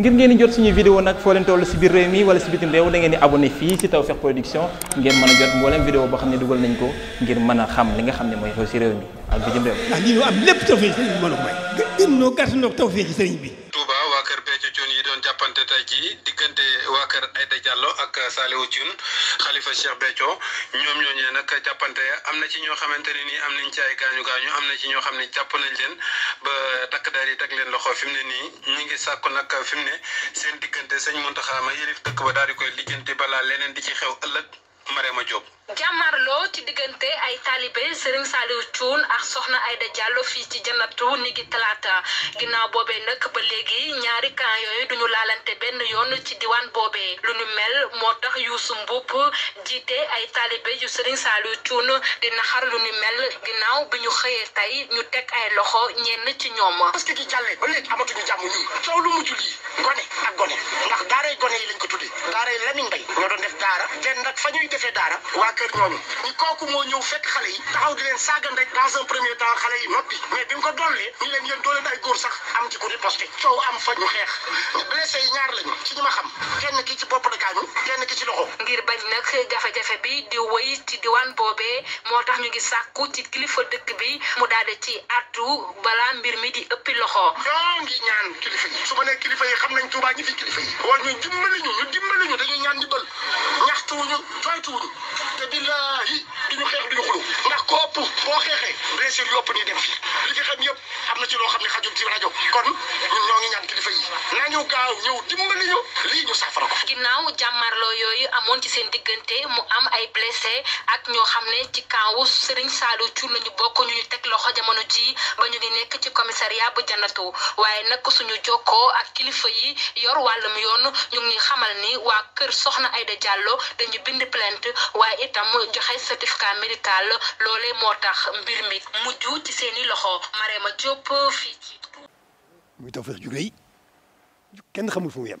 ngir ngeen di jot suñu vidéo nag foo leen toll si biir réew mi wala si bitim réew da ngeen di abonné fii si Tawfekh Production ngeen mën a jot mboolem vidéo boo xam ne dugal nañ ko ngir mën a xam ne mooy xew si réew mi ak bitim réew. ndax am lépp Tawfekh sëriñ bi mën a may. sëriñ bi. Touba waa kër Béthio yi doon jàppante tey diggante waa kër Aïda Diallo ak Saliou Thioune xalifa Cheikh Béthio ñoom ñooñee nag jàppante am na ci ñoo xamante ne nii am nañ ci ay gaañu gaañu am ñoo xam ne jàpp nañ leen ba daal di teg leen loxo fi mu ne nii ñu ngi sàkku nag fi mu ne seen diggante sëñ Muntaxa ma yëlif dëkk ba daal di koy lijjanti balaa leneen di ci xew ëllëg Marema Diop. jàmmarloo ci diggante ay taalibe Serigne Saliou Thioune ak soxna Aïda Diallo fii ci janatu ni ngi talaata ginnaaw boobe nag ba léegi ñaari camp yooyu duñu laalante benn yoon ci diwaan boobee lu nu mel moo tax yu Mboup jiite ay taalibe yu Serigne Saliou Thioune dina xar lu nu mel ginnaaw bi ñu xëyee tey ñu teg ay loxo ñenn ci ñoom. parce que gi jàllee ba léegi amatuñu jàmm ñun coow lu mujj lii gone ak gone ndax daaray gone yi lañ ko tuddee daaray Lamine Mbaye ñoo doon kër ñooñu ñu kooku moo ñëw fekk xale yi taxaw di leen saaga ndey dans un temps xale yi noppi mais bi mu ko dollee ñu yéen doo ay góor sax am ci ku riposté coow am fa ñu xeex blessé yi ñaar lañu ci ñi ma xam kenn ki ci bopp la gaañu kenn ki ci loxo. ngir bañ nag jafe-jafe bi di wéy ci diwaan boobee moo tax ñu ngi sàkku ci kilifa dëkk bi mu daal di ci àddu balaa mbir mi di ëppi loxo. ñoo ngi ñaan kilifa yi su kilifa yi xam nañ Tuubaa ñi fi kilifa yi. ñu dimbali ko ëpp boo xeexee blessure yopp ni dem ci loo xam ne xajul ci rajo kon gaaw ñëw dimbali ñu lii ñu ginnaaw jàmmarloo yooyu amoon ci seen diggante mu am ay blessé ak ñoo xam ne ci kaawu Serigne saalu Thioune nañu bokk ñu teg loxo jamono ci ba ñu ngi nekk ci commissariat bu janatu waaye nag suñu jokkoo ak kilifa yi yor wàllum yoon ñu ngi xamal ni waa kër soxna Aïda jàlloo dañu bind plainte waaye itam joxe certificat médical loole moo tax mbir mi mujj ci seeni loxo Marema Diop fii ci. kenn xamul fu mu